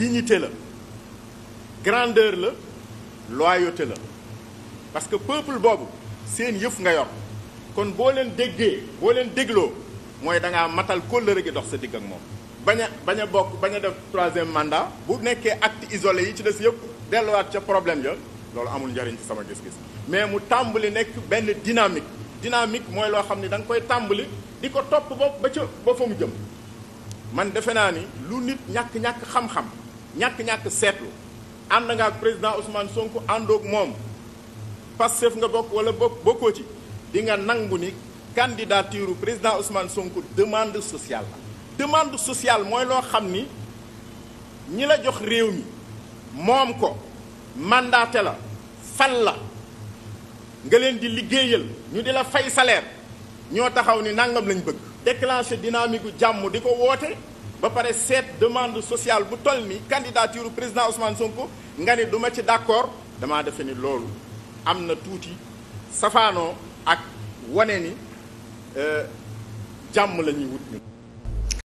dignité la grandeur la loyauté la parce que peuple boobu seen yëf nga yor kon boo leen déggee boo leen dégloo mooy da ngaa matal kóllëre gi dox sa digg ak moom bañ a a bokk bañ a def troisième mandat bu nekkee acte isolé yi ci des yëpp delluwaat ca problème ya loolu amul njariñ sama gis-gis mais mu tàmbali nekk benn dynamique dynamique mooy loo xam ni danga koy tàmbali di ko topp ba ba ca ba fa mu jëm man defe naa ni lu nit ñàkk-ñàkk xam-xam ñàkk-ñàkk seetlu ànd nga ak président Ousmane Sonko àndoog moom Pastef nga bokk wala bokk bokkoo ci di nga nangu ni candidature président Ousmane Sonko demande sociale la demande sociale mooy loo xam ni ñi la jox réew mi moom ko mandaté la fal la nga leen di liggéeyal ñu di la fay salaire ñoo taxaw ni nangam lañ bëgg déclencher dynamique gu jàmm di ko woote ba pare seet demande sociale bu toll ni candidature président Ousmane Sonko nga ne du ma ci d'accord damaa defe ni loolu am na tuuti safaanoo ak wane ni euh, jàmm la ñuy wut ñu